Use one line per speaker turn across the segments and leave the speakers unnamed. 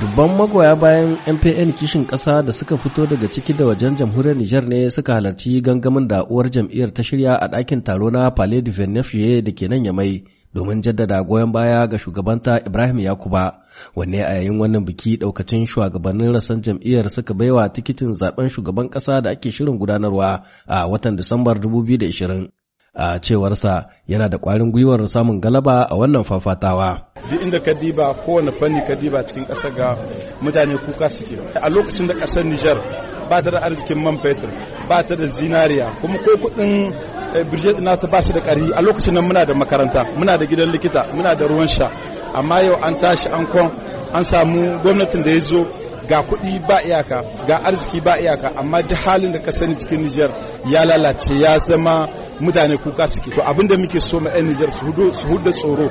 dubban magoya bayan mpn kishin ƙasa da suka fito daga ciki da wajen jamhuriyar nijar ne suka halarci gangamin da uwar jam'iyyar ta shirya a ɗakin taro na palais de da ke nan yamai domin jaddada goyon baya ga shugabanta ibrahim yakuba wanne a yayin wannan biki ɗaukacin shugabannin rasan jam'iyyar suka baiwa tikitin zaben shugaban ƙasa da ake shirin gudanarwa a watan disambar 2020 a cewarsa yana da kwarin gwiwar samun galaba a wannan fafatawa.
duk inda ka diba kowane fanni ka diba cikin ƙasar ga mutane kuka suke a lokacin da ƙasar Nijar ba ta da arzikin man fetur ba ta da zinariya kuma ko kuɗin eh, birjet na ta ba su da ƙari a lokacin nan muna da makaranta muna da gidan likita muna da ruwan sha amma yau an tashi an kwan an samu gwamnatin da ya zo ga kuɗi ba iyaka ga arziki ba iyaka amma duk halin da ka sani cikin Nijar ya lalace ya zama mutane kuka suke to abinda muke so ma ɗan Nijar su hudu su hudu tsoro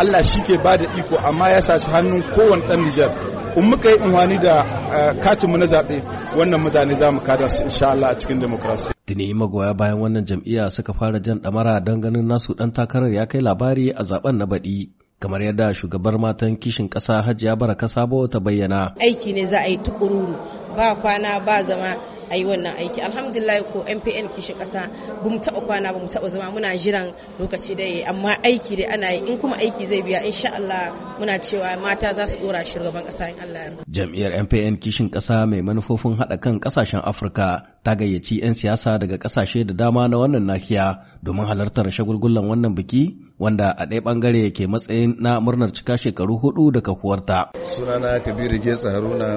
Allah shi ke ba da iko amma ya sa su hannun kowane ɗan Nijar in muka yi unwani da eh, katinmu na zaɓe wannan mutane za mu kada su insha Allah a cikin demokrasi.
Tuni magoya bayan wannan jam'iyya suka fara jan ɗamara don ganin nasu ɗan takarar ya kai labari a zaben na baɗi. kamar yadda shugabar matan kishin ƙasa hajiya baraka sabo ta bayyana
aiki ne za a yi tukururu ba kwana ba zama a yi wannan aiki alhamdulillah ko mpn kishi kasa ba mu taba kwana ba mu taba zama muna jiran lokaci da yayi amma aiki dai ana yi in kuma aiki zai biya insha Allah muna cewa mata za su dora
shugaban kasa in Allah yarda Jami'ar mpn kishin kasa mai manufofin hada kan kasashen afirka ta gayyaci 'yan siyasa daga kasashe da dama na wannan nahiya domin halartar shagulgullan wannan biki wanda a ɗaya bangare ke matsayin na murnar cika shekaru hudu da kafuwarta
sunana kabiru getsa haruna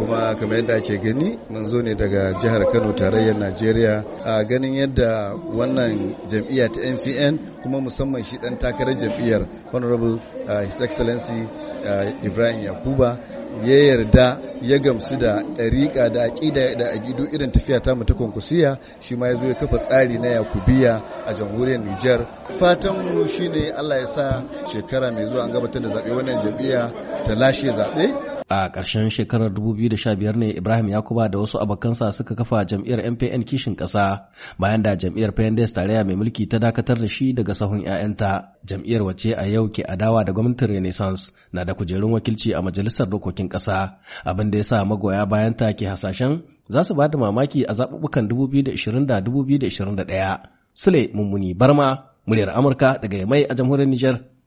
kuma kamar yadda ake gani mun zo ne daga jihar kano tarayyar najeriya a ganin yadda wannan jam'iyya ta npn kuma musamman shi dan takarar jam'iyyar honorable uh, his excellency uh, ibrahim yakuba ya yarda ya gamsu da ɗariƙa da aƙida da aƙidu irin tafiya ta mu ta konkusiya shi ma ya zo ya kafa tsari na yakubiya a jamhuriyar Nijar. Fatan mu shine Allah ya sa shekara mai zuwa an gabatar da zaɓe wannan jam'iyya
ta lashe zaɓe a ƙarshen shekarar 2015 ne ibrahim yakuba da wasu abokansa suka kafa jam'iyyar mpn kishin ƙasa bayan da jam'iyyar pendes tarayya mai mulki ta dakatar da shi daga sahun 'ya'yanta jam'iyyar wace a yau ke adawa da gwamnatin renaissance na da kujerun wakilci a majalisar dokokin ƙasa abin da ya sa magoya bayan ta ke hasashen za su ba da mamaki a zaɓuɓɓukan 2020 da 2021 sule mummuni barma muryar amurka daga yamai a jamhuriyar Nijar.